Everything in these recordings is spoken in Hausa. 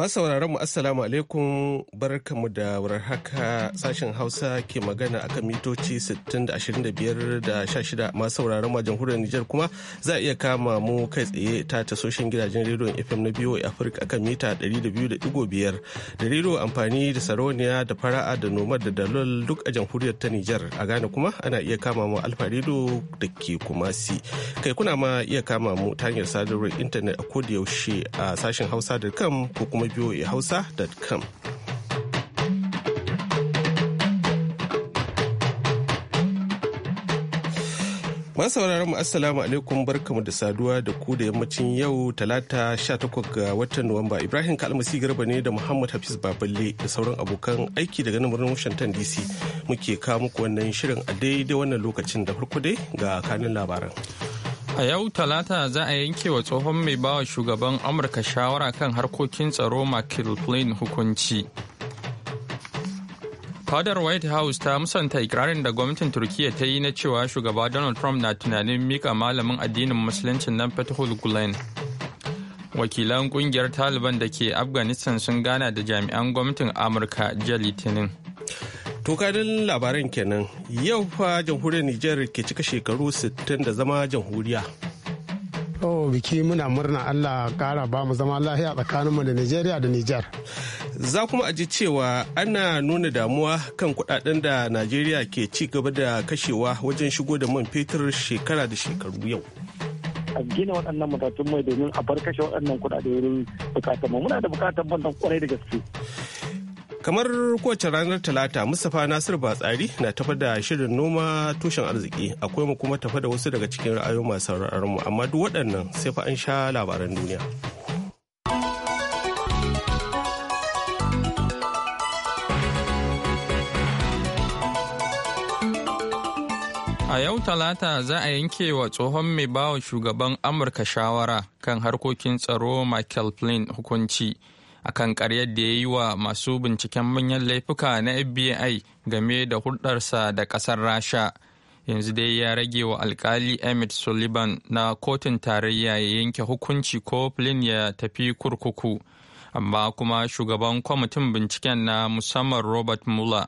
Masu sauraron mu assalamu alaikum barkamu da haka sashin Hausa ke magana akan mitoci 625 da 16 masu sauraron ma jamhuriyar Nijar kuma za a iya kama mu kai tsaye ta tasoshin gidajen rediyon FM na biyu Afirka akan mita 200.5 da rediyo amfani da sarauniya da fara'a da nomad da dalol duk a jamhuriyar ta Nijar a Ghana kuma ana iya kama mu alfa rediyo da ke kuma si kai kuna ma iya kama mu ta hanyar sadarwar intanet a koda yaushe a sashen hausa.com ko kuma voahausa.com. sauraron mu assalamu alaikum barkamu da saduwa da ku da yammacin yau talata 18 ga watan nuwamba ibrahim kalmasi garba ne da muhammad hafiz baballe da sauran abokan aiki daga nan birnin washington dc muke kawo muku wannan shirin a daidai wannan lokacin da farko dai ga kanin labaran A yau Talata za a yanke wa tsohon mai bawa shugaban Amurka shawara kan harkokin tsaro Michael Flynn hukunci. Fadar White House ta musanta ikirarin da gwamnatin Turkiyya ta yi na cewa shugaba Donald Trump na tunanin mika malamin addinin musuluncin na Fethul Gulen. Wakilan kungiyar Taliban da ke Afghanistan sun gana da jami'an gwamnatin Amurka jiya Litinin. To kadin labaran kenan yau fa jamhuriyar Nijar ke cika shekaru 60 da zama jamhuriya. Oh, biki muna murna Allah kara ba mu zama lahiya tsakaninmu da Nijeriya da Nijar. Za kuma aji cewa ana nuna damuwa kan kudaden da Najeriya ke ci gaba da kashewa wajen shigo da man fetur shekara da shekaru yau. a gina waɗannan matatun mai domin a bar kashe waɗannan kuɗaɗe wurin bukatar mu muna da bukatar bandan kwarai da gaske. kamar kowace ranar talata mustapha nasir batsari na tafa da shirin noma tushen arziki akwai mu kuma tafa da wasu daga cikin ra'ayoyi masu mu amma duk waɗannan sai fa an sha labaran duniya a yau talata za a yanke wa tsohon mai bawa shugaban amurka shawara kan harkokin tsaro michael flynn hukunci akan karyar da ya yi wa masu binciken manyan laifuka na FBI game da hulɗarsa da ƙasar Rasha. Yanzu dai ya rage wa alkali Emmett Sullivan na kotun tarayya ya yanke hukunci ko Flynn ya tafi kurkuku. Amma kuma shugaban kwamitin binciken na musamman Robert Mueller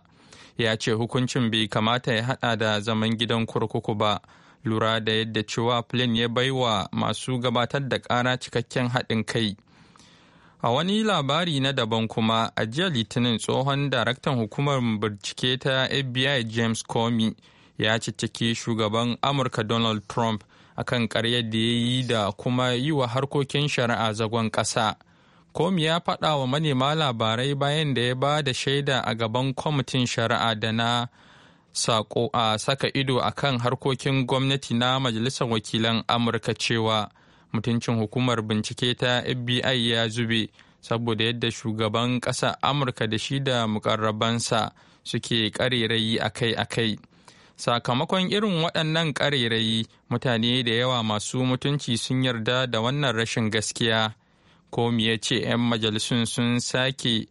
ya ce hukuncin bai kamata ya hada da zaman gidan kurkuku ba. lura da yadda cewa Flynn ya baiwa masu gabatar da ƙara cikakken haɗin kai. A wani labari na daban kuma a jiya Litinin tsohon daraktan hukumar bincike ta FBI James Comey ya cicciki shugaban Amurka Donald Trump akan karyar da ya yi da kuma yi wa harkokin shari'a zagon ƙasa. komi ya faɗa wa manema labarai bayan da ya ba da shaida a gaban kwamitin shari'a da na sako a saka ido akan harkokin gwamnati na Majalisar Wakilan Amurka cewa. mutuncin hukumar bincike ta fbi ya zube saboda yadda shugaban ƙasa amurka da shi da mukarrabansa suke ƙarerayi akai-akai sakamakon irin waɗannan ƙarerayi mutane da yawa masu mutunci sun yarda da wannan rashin gaskiya ko ya ce 'yan majalisun sun sake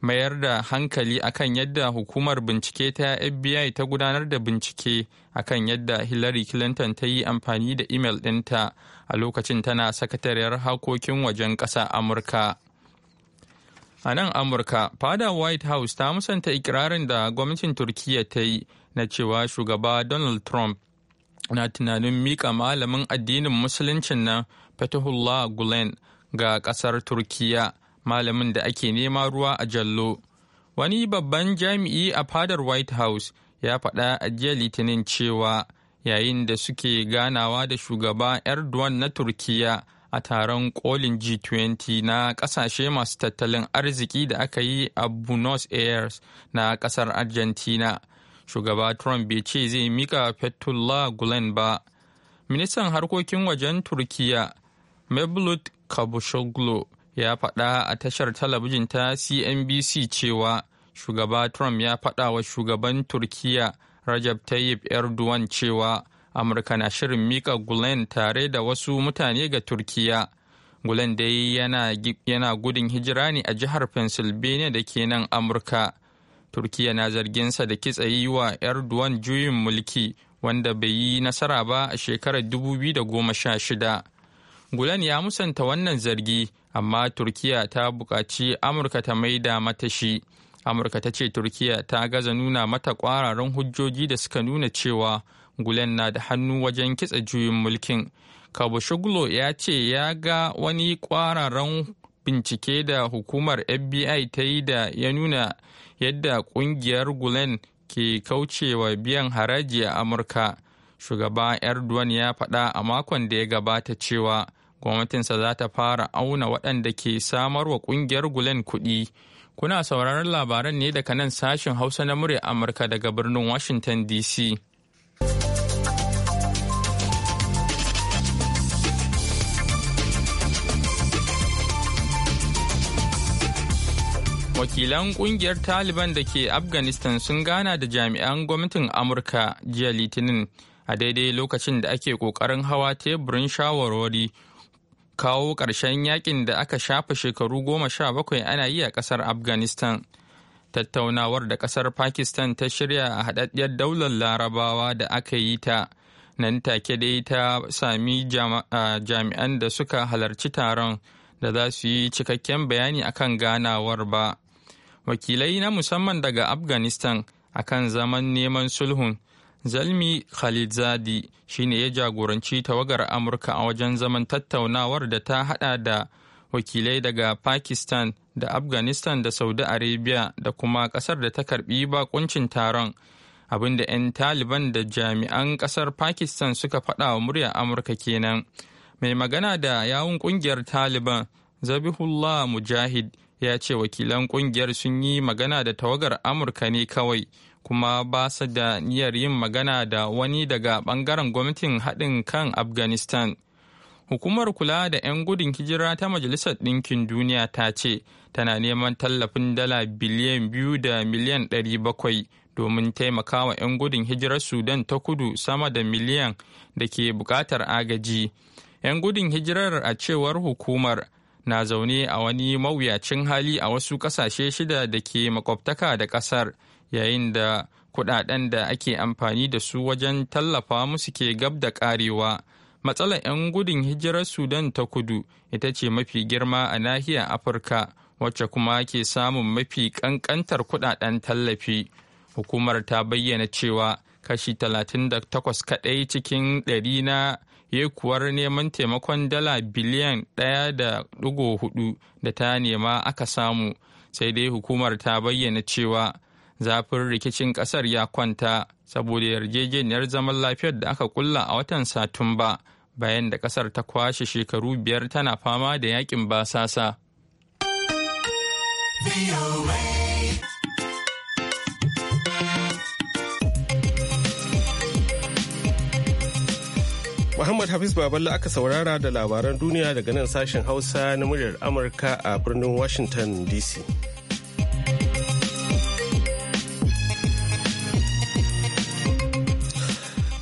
mayar da hankali akan yadda hukumar bincike ta fbi ta gudanar da bincike akan yadda hillary clinton ta yi amfani da imel ɗinta a lokacin tana sakatariyar harkokin wajen ƙasa amurka a nan amurka fada white house ta musanta ikirarin da gwamnatin turkiyya ta yi na cewa shugaba donald trump na tunanin mika malamin addinin musuluncin na fatihullah gulen ga ƙasar turkiyya malamin da ake nema ruwa a jallo wani babban jami'i a fadar white house ya faɗa a jiya litinin cewa yayin da suke ganawa da shugaba Erdogan na turkiya a taron kolin G20 na kasashe masu tattalin arziki da aka yi a Buenos Aires na kasar Argentina. Shugaba Trump bai ce zai mika fetullah Gulen ba. Ministan harkokin wajen turkiya Mevlut kabushoglu ya faɗa a tashar talabijin ta CNBC cewa shugaba Trump ya faɗa wa shugaban turkiya. Rajab Tayyip Erdogan cewa Amurka na shirin mika Gulen tare da wasu mutane ga Turkiya. Gulen dai yana, yana gudun hijira ne a jihar Pennsylvania da ke nan Amurka. Turkiya na zarginsa da kitsa yi wa Erdogan juyin mulki wanda bai yi nasara ba a shekarar 2016. Gulen ya musanta wannan zargi, amma Turkiya ta buƙaci Amurka ta maida mata shi. amurka ta ce turkiya ta gaza nuna mata kwararan hujjoji da suka nuna cewa gulen na da hannu wajen kitsa juyin mulkin kabushuglo ya ce ya ga wani kwararan bincike da hukumar fbi ta yi da ya nuna yadda kungiyar gulen ke kaucewa biyan haraji a amurka shugaba erdogan ya faɗa a makon da ya gabata cewa gwamnatinsa za ta fara auna waɗanda ke samarwa kungiyar gulen kuɗi Kuna sauraron labaran ne daga nan sashen Hausa na murya Amurka daga birnin Washington DC. Wakilan kungiyar Taliban da ke Afghanistan sun gana da jami'an gwamnatin Amurka jiya Litinin a daidai lokacin da ake ƙoƙarin hawa teburin shawarwari kawo ƙarshen yakin da aka shafa shekaru goma sha bakwai ana yi a ƙasar afghanistan tattaunawar da ƙasar pakistan ta shirya a haɗaɗɗiyar daular larabawa da aka yi ta nan take dai ta sami jami'an da suka halarci taron da za su yi cikakken bayani akan ganawar ba wakilai na musamman daga afghanistan akan zaman neman sulhun Zalmi Khalidzadi shine ya jagoranci tawagar Amurka a wajen zaman tattaunawar da ta hada da wakilai daga Pakistan da Afghanistan da Saudi Arabia da kuma kasar da ta karbi bakuncin taron. abinda 'yan Taliban da jami'an kasar Pakistan suka faɗa wa muryar Amurka kenan. Mai magana da yawun kungiyar Taliban, Zabihullah Mujahid, ya ce wakilan kungiyar sun yi magana da tawagar Amurka ne kawai. kuma ba su da niyyar yin magana da wani daga bangaren gwamnatin haɗin kan afghanistan hukumar kula da 'yan gudun hijira ta majalisar ɗinkin duniya ta ce tana neman tallafin dala biliyan biyu da miliyan ɗari bakwai domin taimakawa 'yan gudun hijirar sudan ta kudu sama da miliyan da ke buƙatar agaji 'yan gudun hijirar a cewar hukumar na zaune a wani mawuyacin hali a wasu ƙasashe shida da ke makwabtaka da ƙasar yayin da kudaden da ake amfani da su wajen tallafa musu ke gab da karewa matsalar 'yan gudun hijirar sudan ta kudu ita ce mafi girma a nahiyar afirka wacce kuma ke samun mafi kankantar kudaden tallafi hukumar ta bayyana cewa kashi talatin da takwas kadai cikin 100 na yekuwar neman taimakon dala biliyan ɗaya da 1.4 da ta nema aka samu sai dai hukumar ta bayyana cewa zafin rikicin kasar ya kwanta saboda yarjejeniyar zaman lafiyar da aka kulla a watan satumba bayan da kasar ta kwashe shekaru biyar tana fama da yakin basasa. Muhammad Hafiz Baballa aka saurara da labaran duniya daga nan sashen Hausa na muryar Amurka a birnin Washington DC.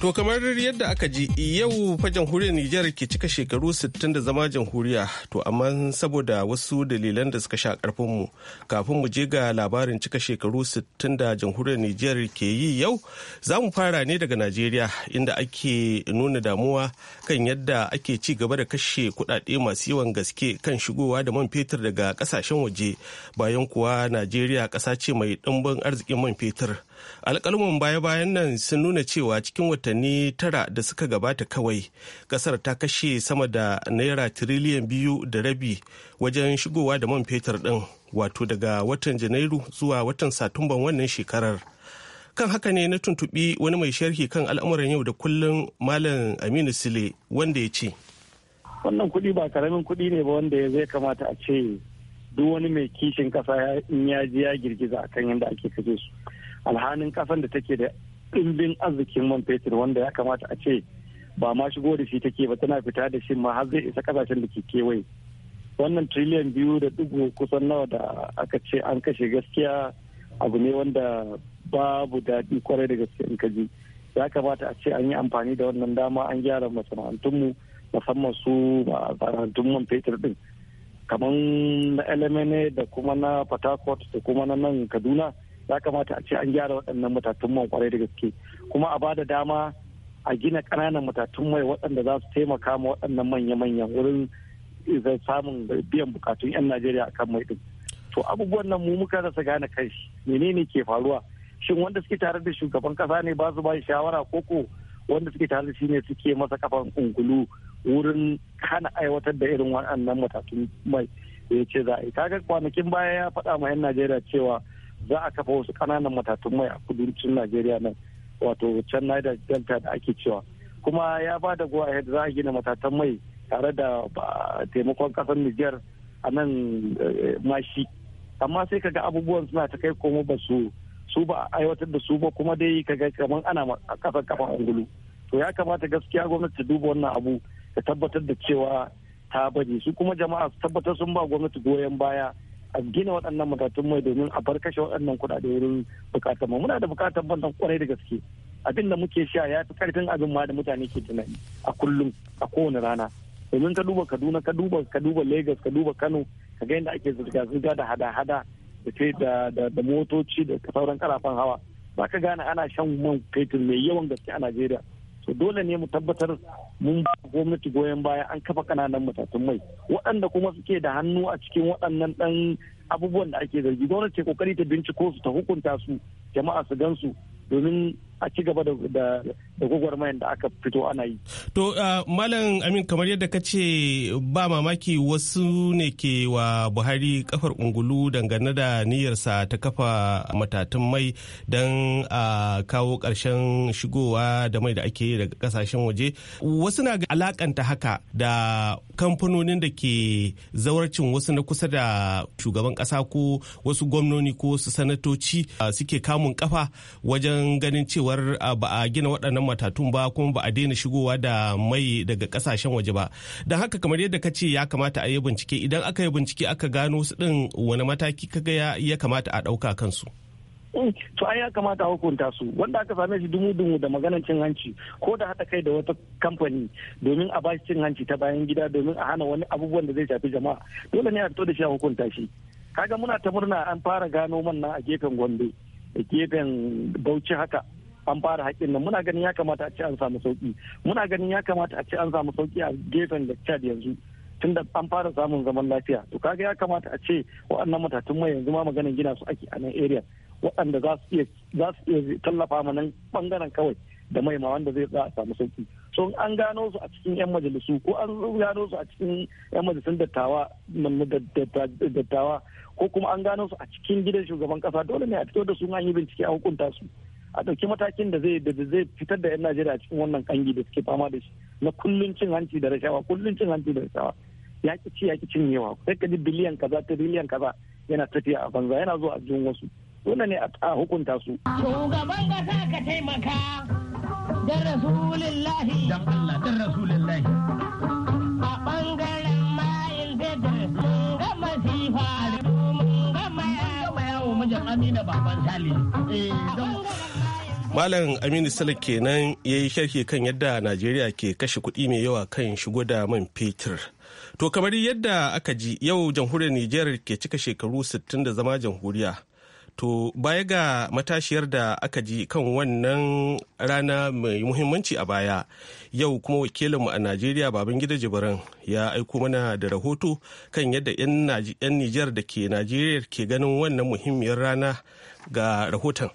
To kamar yadda aka ji yau fa jamhuriyar Nijar ke cika shekaru 60 da zama jamhuriya to amma saboda wasu dalilan da suka sha karfin mu kafin mu je ga labarin cika shekaru 60 da jamhuriyar Nijar ke yi yau za mu fara ne daga Najeriya inda ake nuna damuwa kan yadda ake ci gaba da kashe kudade masu yawan gaske kan shigowa da man fetur daga kasashen waje bayan kuwa Najeriya kasa ce mai dimbin arzikin man fetur. alkalman baya-bayan nan sun nuna cewa cikin watanni tara da suka gabata kawai kasar ta kashe sama da naira tiriliyan biyu da rabi wajen shigowa da man fetur din wato daga watan janairu zuwa watan satumban wannan shekarar kan haka ne na tuntubi wani mai sharhi kan al'amuran yau da kullum malam aminu sile wanda ya ce wannan kuɗi ba karamin kuɗi ne ba wanda zai kamata a ce duk wani mai kishin ƙasa in ya ji ya girgiza akan yadda ake kashe su alhanin kasan da take da ɗimbin arzikin man fetur wanda ya kamata a ce ba ma shigo da shi take ba tana fita da shi ma har zai isa kasashen da ke kewaye wannan triliyan biyu da dubu kusan nawa da aka ce an kashe gaskiya abu ne wanda babu daɗi kwarai da gaske in ka ji ya kamata a ce an yi amfani da wannan dama an gyara masana'antunmu musamman su masana'antun man fetur din kamar na lmna da kuma na port da kuma na nan kaduna ya kamata a ce an gyara waɗannan matatun man kwarai da gaske kuma a bada dama a gina ƙananan matatun mai waɗanda za su taimaka ma waɗannan manya-manyan wurin samun biyan bukatun 'yan najeriya a kan mai ɗin to abubuwan nan mu muka rasa gane kanshi menene ke faruwa shin wanda suke tare da shugaban kasa ne ba su ba shawara ko wanda suke tare da shi ne suke masa kafan ungulu wurin hana aiwatar da irin waɗannan matatun mai da ya ce za a yi kaga kwanakin baya ya faɗa ma 'yan najeriya cewa za a kafa wasu kananan matatun mai a kudancin najeriya nan wato can niger delta da ake cewa kuma ya ba da go ahead za a gina matatan mai tare da taimakon kasar niger a nan eh, mashi amma sai kaga abubuwan suna ta kai komo ba su su ba aiwatar da su ba kuma dai kaga kamar ana kasan kafan angulu to ya kamata gaskiya gwamnati ta duba wannan abu ta tabbatar da cewa ta bari su kuma jama'a su tabbatar sun ba gwamnati goyon baya a gina waɗannan matatun mai domin a bar kashe waɗannan kuɗaɗe wurin bukatar mu muna da bukatar bannan kwarai da gaske abin da muke sha ya fi karfin abin ma da mutane ke tunani a kullum a kowane rana domin ka duba kaduna ka duba ka duba lagos ka duba kano ka ga yadda ake zirga-zirga da hada-hada da da motoci da sauran karafan hawa ba ka gane ana shan man fetur mai yawan gaske a najeriya to dole ne mu tabbatar mun gwamnati goyon baya an kafa kananan matatun mai waɗanda kuma suke da hannu a cikin waɗannan ɗan abubuwan da ake zargi gwamnati kokari ta binciko su ta hukunta su jama'a su gan su domin a ci gaba da gwagwarmayan da aka fito ana yi. To, uh, Malam Amin, kamar yadda ka ce ba mamaki wasu ne ke wa Buhari kafar ungulu dangane da niyyarsa ta kafa matatun mai don a uh, kawo ƙarshen shigowa da mai da ake daga ƙasashen waje. Wasu na alakanta haka da kamfanonin da ke zawarcin wasu na kusa da shugaban ƙasa ko wasu gwamnoni ko wasu sanatoci uh, suke kamun kafa wajen ganin cewa cewar ah, ba a gina waɗannan matatun ba kuma ba a daina shigowa da mai daga kasashen waje ba don haka kamar yadda ka ce ya kamata a yi bincike idan aka yi bincike aka gano su ɗin wani mataki kaga ya kamata a ɗauka kansu. Mm, to ai ya kamata a hukunta su wanda aka same shi dumu dumu da maganar cin hanci ko da haɗa kai da wata kamfani domin a bashi cin hanci ta bayan gida domin a hana wani abubuwan da zai shafi jama'a dole ne a fito da shi a hukunta shi kaga muna ta murna an fara gano man nan a gefen gombe a gefen bauchi haka an fara haƙƙin nan muna ganin ya kamata a ce an samu sauƙi muna ganin ya kamata a ce an samu sauƙi a gefen da Chad yanzu tunda an fara samun zaman lafiya to kaga ya kamata a ce waɗannan matatun mai yanzu ma maganin gina su ake a nan area waɗanda za su iya tallafa ma nan bangaren kawai da mai ma wanda zai a samu sauki so an gano su a cikin yan majalisu ko an gano su a cikin yan majalisun dattawa dattawa ko kuma an gano su a cikin gidan shugaban kasa dole ne a fito da su an yi bincike a hukunta su a ɗauki matakin da zai zai fitar da 'yan najeriya a cikin wannan kangi da suke fama da shi na kullun cin hanci da rashawa kullun cin hanci da rashawa ya ki ci ya ki yawa sai ka ji biliyan kaza ta biliyan kaza yana tafiya a banza yana zuwa a jin wasu dole ne a hukunta su. Shugaban kasa ka taimaka da Rasulillahi. Dan Allah dan Rasulillahi. A bangaren mayin fetur mun ga masifa mun ga mayawo. Mun mijin Amina baban eh, A Eh, Malam Aminu Salik kenan ya yi sharhi kan yadda Najeriya ke kashe kuɗi mai yawa kan shigo da man fetur. To kamar yadda aka ji yau jamhuriyar Nijar ke cika shekaru 60 da zama jamhuriya. To baya ga matashiyar da aka ji kan wannan rana mai muhimmanci a baya, yau kuma wakilinmu a Najeriya Babangida Jibirin ya aiko mana da rahoto kan yadda 'yan Nijar da ke Najeriya ke ganin wannan muhimmiyar rana ga rahoton.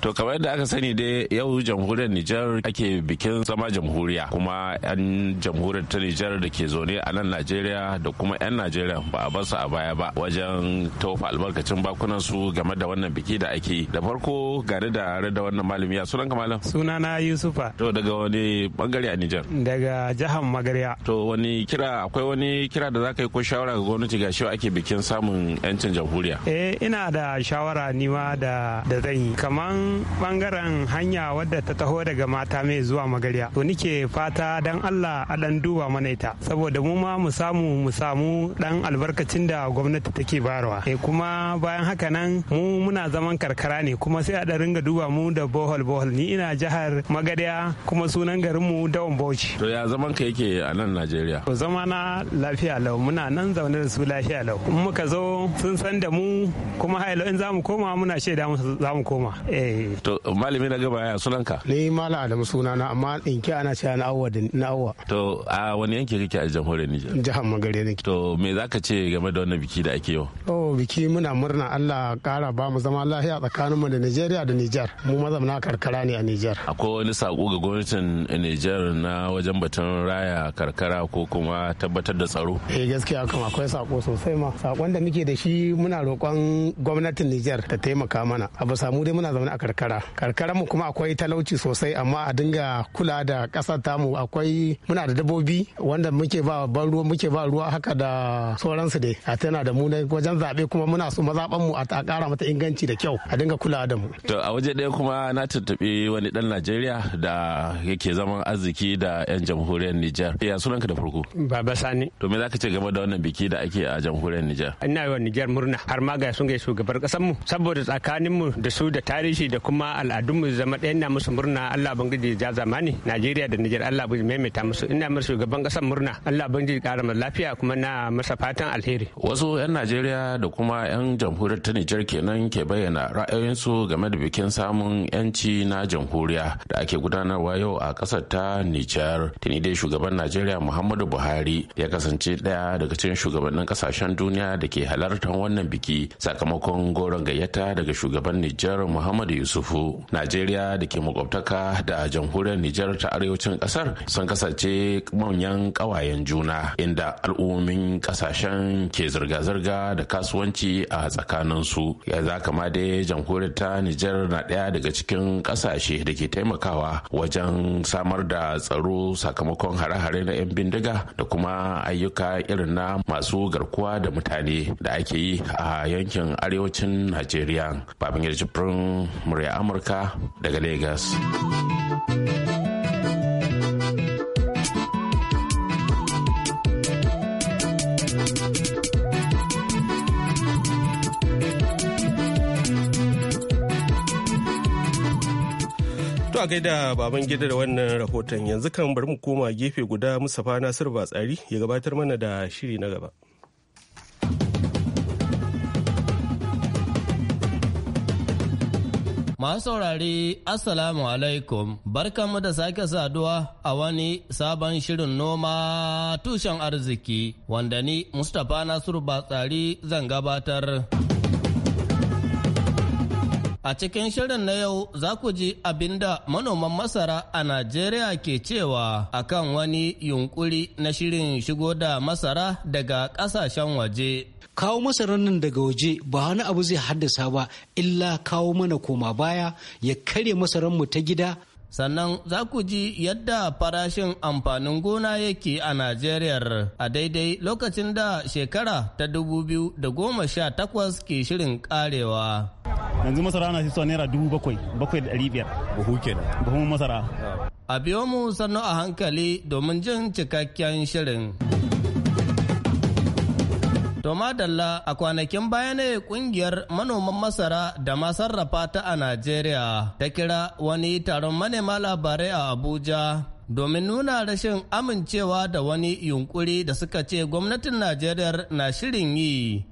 To kamar yadda aka sani dai yau jamhuriyar Nijar ake bikin zama jamhuriya kuma 'yan jamhuriyar ta Nijar da ke zaune a nan Najeriya da kuma 'yan Najeriya ba a basu a baya ba wajen tofa albarkacin bakunan su game da wannan biki da ake da farko gare da da wannan malami ya sunan kamalan sunana Yusufa to daga wani bangare a Nijar daga jihar Magarya to wani kira akwai wani kira da zaka yi ko shawara ga gwamnati ga shi ake bikin samun 'yancin jamhuriya eh ina da shawara nima da da zan yi kaman bangaren hanya wadda ta taho daga mata mai zuwa magarya to nike fata dan allah a dan duba mana ita saboda mu ma mu samu mu samu dan albarkacin da gwamnati take bayarwa e kuma bayan haka nan mu muna zaman karkara ne kuma sai a da ringa duba mu da bohol bohol ni ina jihar magarya kuma sunan garin mu dawon bauchi to ya zaman ka yake a nan najeriya to zama na lafiya lau muna nan zaune da su lafiya lau in muka zo sun san da mu kuma hailo in za mu koma muna shaida musu za mu koma eh Eh. to malami na gaba ya sunanka ni mala adamu sunana amma in ki ana cewa na awwa na awwa to a wani yanki kike a jamhuriyar Nijar jihar Magare ne to me zaka ce game da wannan biki da ake yau oh biki muna murna Allah kara ba mu zama lafiya tsakanin mu da Nigeria da Nijar mu mazauna karkara ne a Nijar akwai wani sako ga gwamnatin Nijar na wajen batun raya karkara ko kuma tabbatar da tsaro eh gaskiya kuma akwai sako sosai ma sakon da muke da shi muna roƙon gwamnatin Nijar ta taimaka mana a ba samu dai muna zaune a karkara karkara mu kuma akwai talauci sosai amma a dinga kula da kasar tamu akwai muna da dabbobi wanda muke ba ban ruwa muke ba ruwa haka da sauransu dai a tana da mu ne wajen zaɓe kuma muna so mazaɓan mu a ƙara mata inganci da kyau a dinga kula da mu to a waje ɗaya kuma na tuntuɓi wani ɗan Najeriya da yake zaman arziki da 'yan jamhuriyar Nijar ya sunanka da farko Baba Sani to me zaka ce game da wannan biki da ake a jamhuriyar Nijar ina yawan Nijar murna har ma ga sun ga shugabar ƙasar mu saboda tsakanin mu da su da tarihi da kuma al'adunmu zama ɗaya ina musu murna Allah bangiji ja zamani Najeriya da Nijar Allah bangiji maimaita musu ina musu shugaban ƙasar murna Allah bangiji ƙara lafiya kuma na masa fatan alheri. Wasu 'yan Najeriya da kuma 'yan jamhuriyar ta Nijar kenan ke bayyana ra'ayoyinsu game da bikin samun 'yanci na jamhuriya da ake gudanarwa yau a ƙasar ta Nijar. Tuni dai shugaban Najeriya Muhammadu Buhari ya kasance ɗaya daga cikin shugabannin ƙasashen duniya da ke halartar wannan biki sakamakon goron gayyata daga shugaban Nijar Muhammadu yusufu najeriya da ke makwabtaka da jamhuriyar nijar ta arewacin kasar sun kasance manyan kawayen juna inda al'ummomin kasashen ke zirga-zirga da kasuwanci a tsakaninsu ya za kama dai jamhuriyar ta nijar na ɗaya daga cikin kasashe da ke taimakawa wajen samar da tsaro sakamakon hare-hare na 'yan bindiga da kuma ayyuka irin na masu garkuwa da mutane da ake yi a yankin arewacin najeriya babin yarjifin murya amurka daga Legas. lagos a gaida baban gida da wannan rahoton yanzu kan bari mu koma gefe guda musafa Nasir tsari ya gabatar mana da shiri na gaba. Masu saurari Assalamu alaikum, barkanmu da sake saduwa a wani sabon shirin noma tushen arziki wanda ni Mustapha Nasiru Batsari zan gabatar. A cikin shirin na yau za ku ji abinda manoman masara a Najeriya ke cewa akan wani yunkuri na shirin shigo da masara daga ƙasashen waje. kawo masarar nan daga waje ba wani abu zai haddasa ba illa kawo mana koma baya ya karya masarar mu ta gida sannan za ku ji yadda farashin amfanin gona yake a Najeriya a daidai lokacin da shekara ta 2018 ke shirin karewa. Yanzu masara na shi naira dubu bakwai bakwai da ɗari Buhu Buhun masara. A biyo mu sannu a hankali domin jin cikakken shirin. To madalla a kwanakin baya ne kungiyar manoman masara da ma sarrafa ta a Najeriya ta kira wani taron manema labarai a Abuja domin nuna rashin amincewa da wani yunkuri da suka ce gwamnatin Najeriya na shirin yi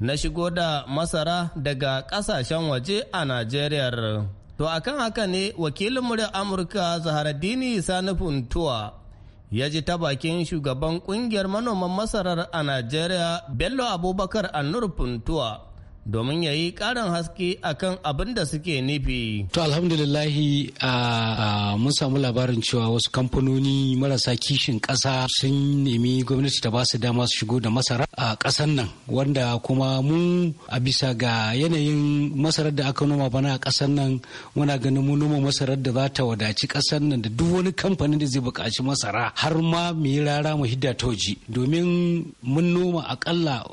na shigo da masara daga kasashen waje a Najeriya. To akan haka ne wakilin muryar Amurka Dini Sani Funtuwa ya ji ta bakin shugaban kungiyar manoman masarar a Najeriya Bello Abubakar Annur nurfuntuwa. domin ya yi ƙarin haske akan abin da suke nufi. To alhamdulillahi a mun samu labarin cewa wasu kamfanoni marasa kishin ƙasa sun nemi gwamnati ta ba su dama su shigo da masara a ƙasar nan wanda kuma mu a bisa ga yanayin masarar da aka noma bana a ƙasar nan muna ganin mun noma masarar da za ta wadaci ƙasar nan da duk wani kamfanin da zai buƙaci masara har ma mu yi rara mu hidda toji waje domin mun noma aƙalla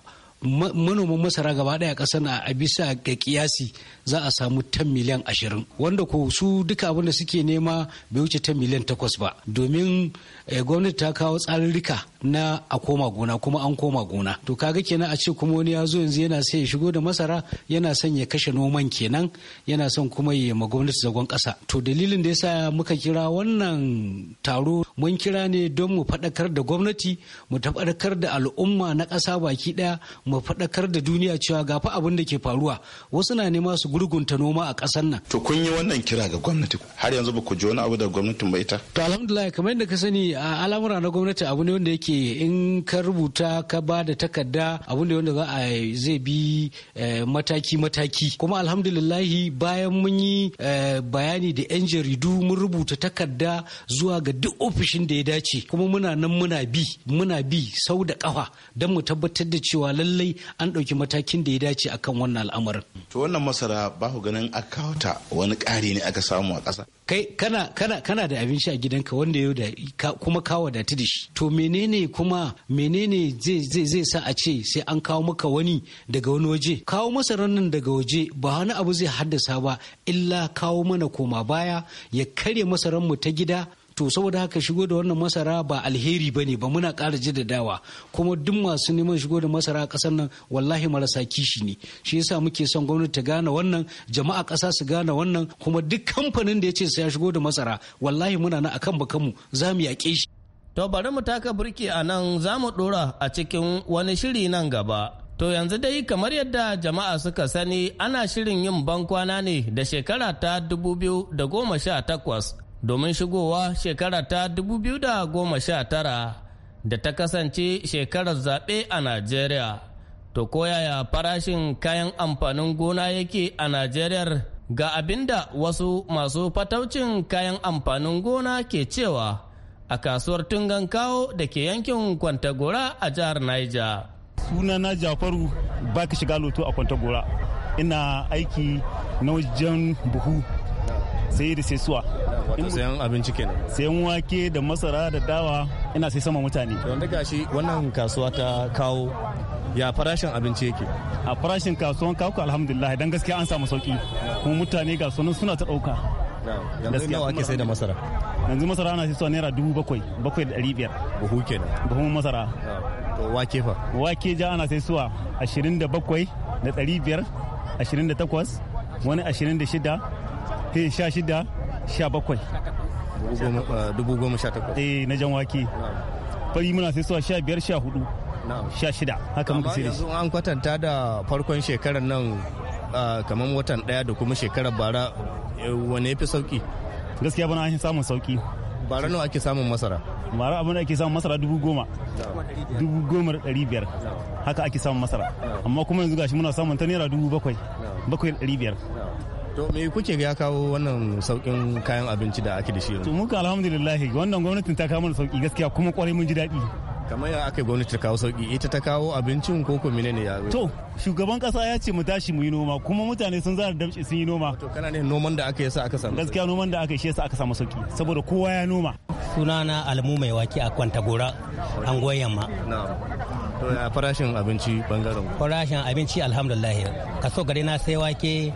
manoman masara gaba daya kasar na a bisa ga kiyasi za a samu 10 miliyan 20 wanda ko su duka abin da suke nema bai wuce 10 miliyan 8 ba domin eh, gwamnati ta kawo tsarurruka na a koma gona kuma an koma gona to kaga kenan a ce kuma wani ya zo yanzu yana sai ya shigo da masara yana son ya kashe noman kenan yana son kuma ya ma gwamnati zagon kasa to dalilin da yasa muka kira wannan taro mun kira ne don mu faɗakar da gwamnati mu tabbatar da al'umma na ƙasa baki ɗaya mu faɗakar da duniya cewa ga fa abin da ke faruwa wasu na nema su gurgunta noma a ƙasar nan. To kun yi wannan kira ga gwamnati har yanzu ba ku ji wani abu da gwamnatin ba ita. To alhamdulillah kamar yadda ka sani a al'amura na gwamnati abu ne wanda yake in ka rubuta ka ba da takarda abu ne wanda za a zai bi eh, mataki mataki kuma alhamdulillahi bayan mun yi eh, bayani da 'yan jaridu mun rubuta takarda zuwa ga duk ofishin da ya dace kuma muna nan muna bi muna bi sau da kafa don mu tabbatar da cewa lallai an ɗauki matakin da ya dace akan wannan al'amarin. To wannan masara ba ku ganin akawata wani ƙari ne aka samu a ƙasa kai kana da abinci a gidanka wanda yau da kuma ka da da shi to menene kuma menene zai zai zai sa a ce sai an kawo maka wani daga wani waje kawo masarar nan daga waje ba wani abu zai haddasa ba illa kawo mana koma baya ya karya masarar mu ta gida to saboda haka shigo da wannan masara ba alheri ba ne ba muna da dawa kuma duk masu neman shigo da masara a ƙasar nan wallahi marasa kishi ne shi yasa muke son gwamnati ta gane wannan jama'a ƙasa su gane wannan kuma duk kamfanin da ya ce sai ya shigo da masara wallahi muna na akan bakanmu za mu yaƙe shi. to bari mu taka birki a nan za mu ɗora a cikin wani shiri nan gaba. To yanzu dai kamar yadda jama'a suka sani ana shirin yin ban kwana ne da shekara ta 2018 domin shigowa shekara ta 2019 da ta kasance shekarar zaɓe a Najeriya. To koyaya farashin kayan amfanin gona yake a Najeriya ga abinda wasu masu fataucin kayan amfanin gona ke cewa a kasuwar tungan kawo da ke yankin Kwantagora a jihar Niger. Sunana Jafaru ba ka shiga loto a Kwantagora. Ina aiki na wajen buhu sai da sai suwa wato sayan abinci kenan sayan wake da masara da dawa ina sai sama mutane wanda gashi wannan kasuwa ta kawo ya farashin abinci yake a farashin kasuwan kawo alhamdulillah dan gaskiya an samu sauki kuma mutane ga sunan suna ta dauka yanzu nawa ake sai da masara yanzu masara ana sai naira dubu bakwai bakwai da ɗari biyar buhu kenan buhun masara to wake fa wake ja ana sai suwa ashirin da bakwai da ɗari biyar ashirin da takwas wani ashirin da shida sha shida 17 2018 eh na jan wake fari muna sai suwa 15 14 16 haka muka sai da an kwatanta da farkon shekarar nan ah, kamar watan daya da kuma shekarar bara eh, wane ya fi sauki gaskiya bana an samun sauki bara nawa ake samun masara bara abin da ake samun masara dubu goma dubu goma dari ɗari biyar haka ake samun masara amma kuma yanzu gashi muna samun ta naira dubu bakwai bakwai dari ɗari biyar To me kuke ga ya kawo wannan saukin kayan abinci da ake da shi yanzu? Muka alhamdulillah wannan gwamnatin ta kawo mana sauki gaskiya kuma kwarai mun ji daɗi. Kamar ya aka gwamnati ta kawo sauki ita ta kawo abincin ko ko ne ya To shugaban kasa ya ce mu tashi mu yi noma kuma mutane sun zara damshi sun yi noma. To kana ne noman da aka yi aka samu. Gaskiya noman da aka yi aka samu sauki saboda kowa ya noma. Sunana Almu mai waki a Kwantagora Angoyan yamma. Farashin abinci bangaren. Farashin abinci alhamdulillah kaso gari na sai wake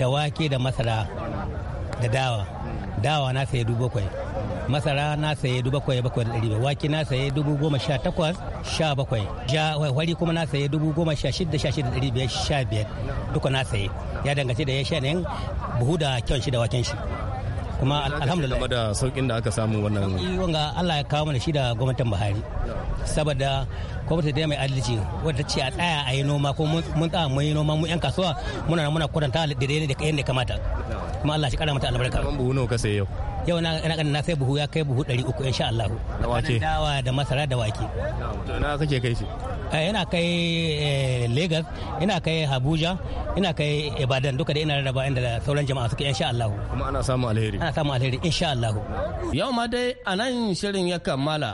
da wake da masara da dawa dawa na saye dubu bakwai masara na saye dubu bakwai bakwai da ɗari wake na saye dubu goma sha takwas sha bakwai ja wari kuma na saye dubu goma sha shida sha shida ɗari biyar sha biyar duka na saye ya dangace da ya sha ne buhu da kyan shi da waken shi kuma alhamdulillah game da saukin da aka samu wannan wanga Allah ya kawo mana shi da gwamnatin Buhari saboda gwamnati da mai adalci wadda ce a tsaya a yi noma ko mun tsaya mun yi noma mu yan kasuwa muna muna kwatanta da da kayan da kamata kuma Allah shi kara mata albarka mun nawa ka sayi yau yau na ganin na sai buhu ya kai buhu 300 insha Allah da wake dawa da masara da wake to ina kake kai shi eh, ina kai eh, Lagos ina kai Abuja ina kai Ibadan duka da ina rarraba inda sauran jama'a suke insha Allah kuma ana samu alheri ana samu alheri insha Allah yau ma dai anan shirin ya kammala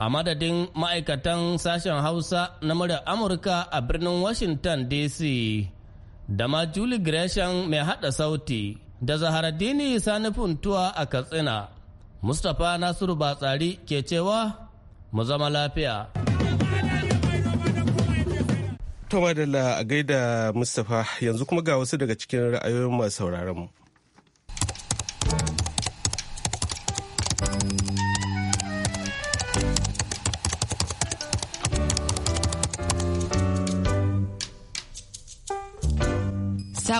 a madadin ma'aikatan sashen Hausa na muryar Amurka a birnin Washington DC da ma Julie Gresham mai hada sauti da zaharaddini sani funtuwa a katsina mustapha nasiru batsari ke cewa mu zama lafiya tawadala a gaida mustapha yanzu kuma ga wasu daga cikin ra'ayoyin masu sauraron mu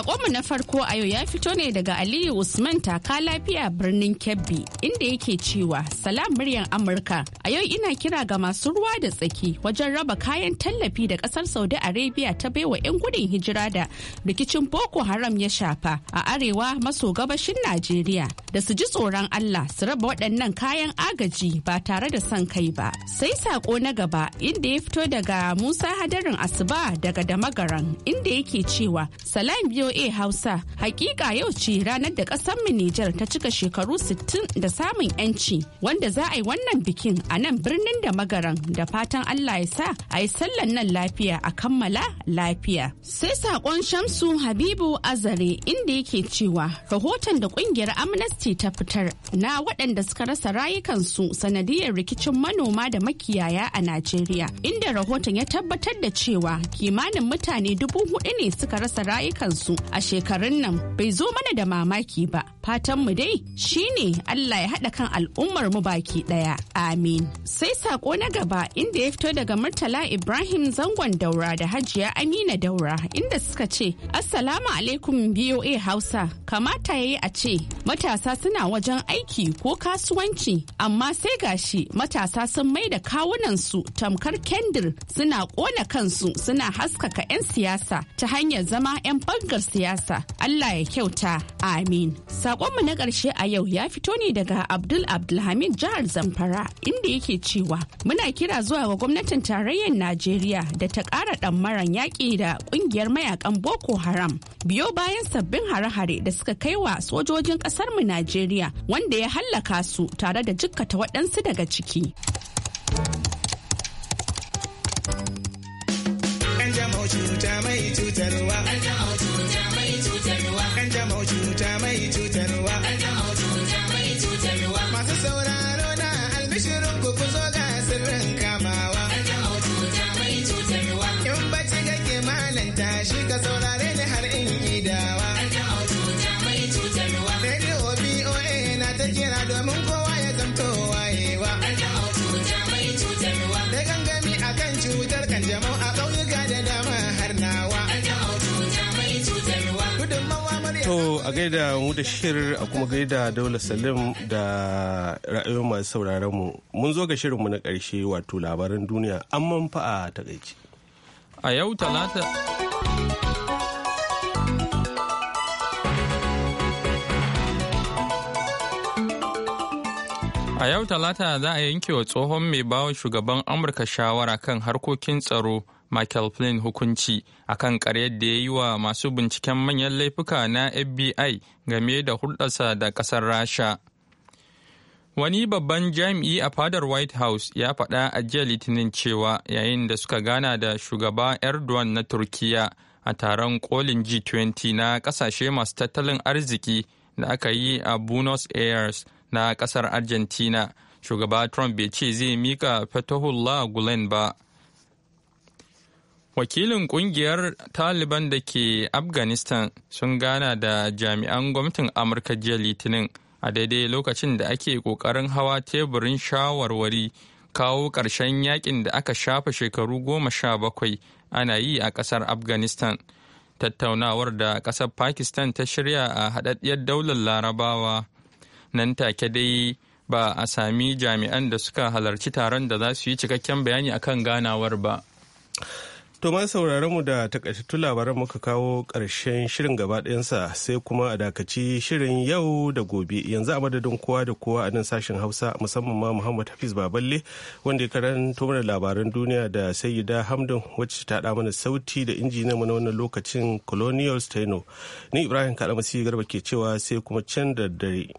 Sakonmu na farko a yau ya fito ne daga Aliyu Usman taka lafiya birnin Kebbi inda yake cewa salam muryar Amurka. A yau ina kira ga masu ruwa da tsaki wajen raba kayan tallafi da kasar Saudi Arabia ta baiwa 'yan gudun hijira da rikicin Boko Haram ya shafa a arewa maso gabashin Najeriya da su ji tsoron Allah su raba waɗannan kayan agaji ba tare da son kai ba. Sai sako na gaba inda ya fito daga Musa Hadarin Asuba daga Damagaran inda yake cewa salam biyo VOA Hausa. Hakika yau ce ranar da ƙasar mu Nijar ta cika shekaru 60 da samun 'yanci wanda za a yi wannan bikin a nan birnin da magaran da fatan Allah ya sa a yi sallan nan lafiya a kammala lafiya. Sai saƙon Shamsu Habibu Azare inda yake cewa rahoton da ƙungiyar Amnesty ta fitar na waɗanda suka rasa rayukansu sanadiyar rikicin manoma da makiyaya a Najeriya inda rahoton ya tabbatar da cewa kimanin mutane dubu hudu ne suka rasa rayukansu su a shekarun nan bai zo mana da mamaki ba fatanmu dai shine Allah ya haɗa kan al'ummar mu baki ɗaya amin sai sako na gaba inda ya fito daga Murtala Ibrahim zangon daura da Hajiya Amina daura inda suka ce Assalamu alaikum BOA Hausa kamata yayi a ce matasa suna wajen aiki ko kasuwanci amma sai gashi matasa sun mai da su tamkar kendir suna kona kansu suna haskaka 'yan siyasa ta hanyar zama 'yan bangar siyasa. Allah ya kyauta. Amin. Sakonmu na ƙarshe a yau ya fito ne daga Abdul Abdulhamid jihar Zamfara inda yake cewa muna kira zuwa ga gwamnatin tarayyar Najeriya da ta ƙara ɗammaran yaƙi da ƙungiyar mayakan Boko Haram. Biyo bayan sabbin hare-hare da suka kai wa sojojin ƙasarmu Najeriya wanda ya hallaka su tare da jikkata waɗansu daga ciki. cuta mai cutarwa. To a gaida mu da shir a kuma gaida Daula Salim da ra'ayoyin masu sauraron mu. Mun zo ga shirinmu na ƙarshe wato labaran duniya an manfa a takaici. A yau talata A yau Talata za a yanke wa tsohon mai bawa shugaban Amurka shawara kan harkokin tsaro Michael Flynn hukunci kan karyar da ya yi wa masu binciken manyan laifuka na FBI game da hulɗarsa da ƙasar Rasha. Wani babban jami'i a fadar White House ya faɗa a jiya Litinin cewa yayin da suka gana da shugaba Erdogan na turkiya a taron kolin G20 na ƙasashe masu tattalin arziki da aka yi a Buenos Aires na ƙasar Argentina, shugaba Trump bai ce zai mika Fethullah Gulen ba. wakilin kungiyar taliban da ke afghanistan sun gana da jami'an gwamnatin amurka jiya litinin a daidai lokacin da ake kokarin hawa teburin shawarwari kawo ƙarshen yakin da aka shafa shekaru goma sha bakwai ana yi a ƙasar afghanistan tattaunawar da ƙasar pakistan ta shirya a haɗaɗɗiyar daular larabawa nan take dai ba a sami jami'an da suka halarci taron da za su yi cikakken bayani akan ganawar ba. To ma sauraron mu da takaitattun labaran muka kawo ƙarshen shirin gaba ɗayansa sai kuma a dakaci shirin yau da gobe yanzu a madadin kowa da kowa a nan sashen Hausa musamman ma Muhammad Hafiz Baballe wanda ya karanto mana labaran duniya da Sayyida Hamdun wacce ta mana sauti da injiniyan mu na wannan lokacin Colonial Steno. Ni Ibrahim Kalamasi Garba ke cewa sai kuma can da dare.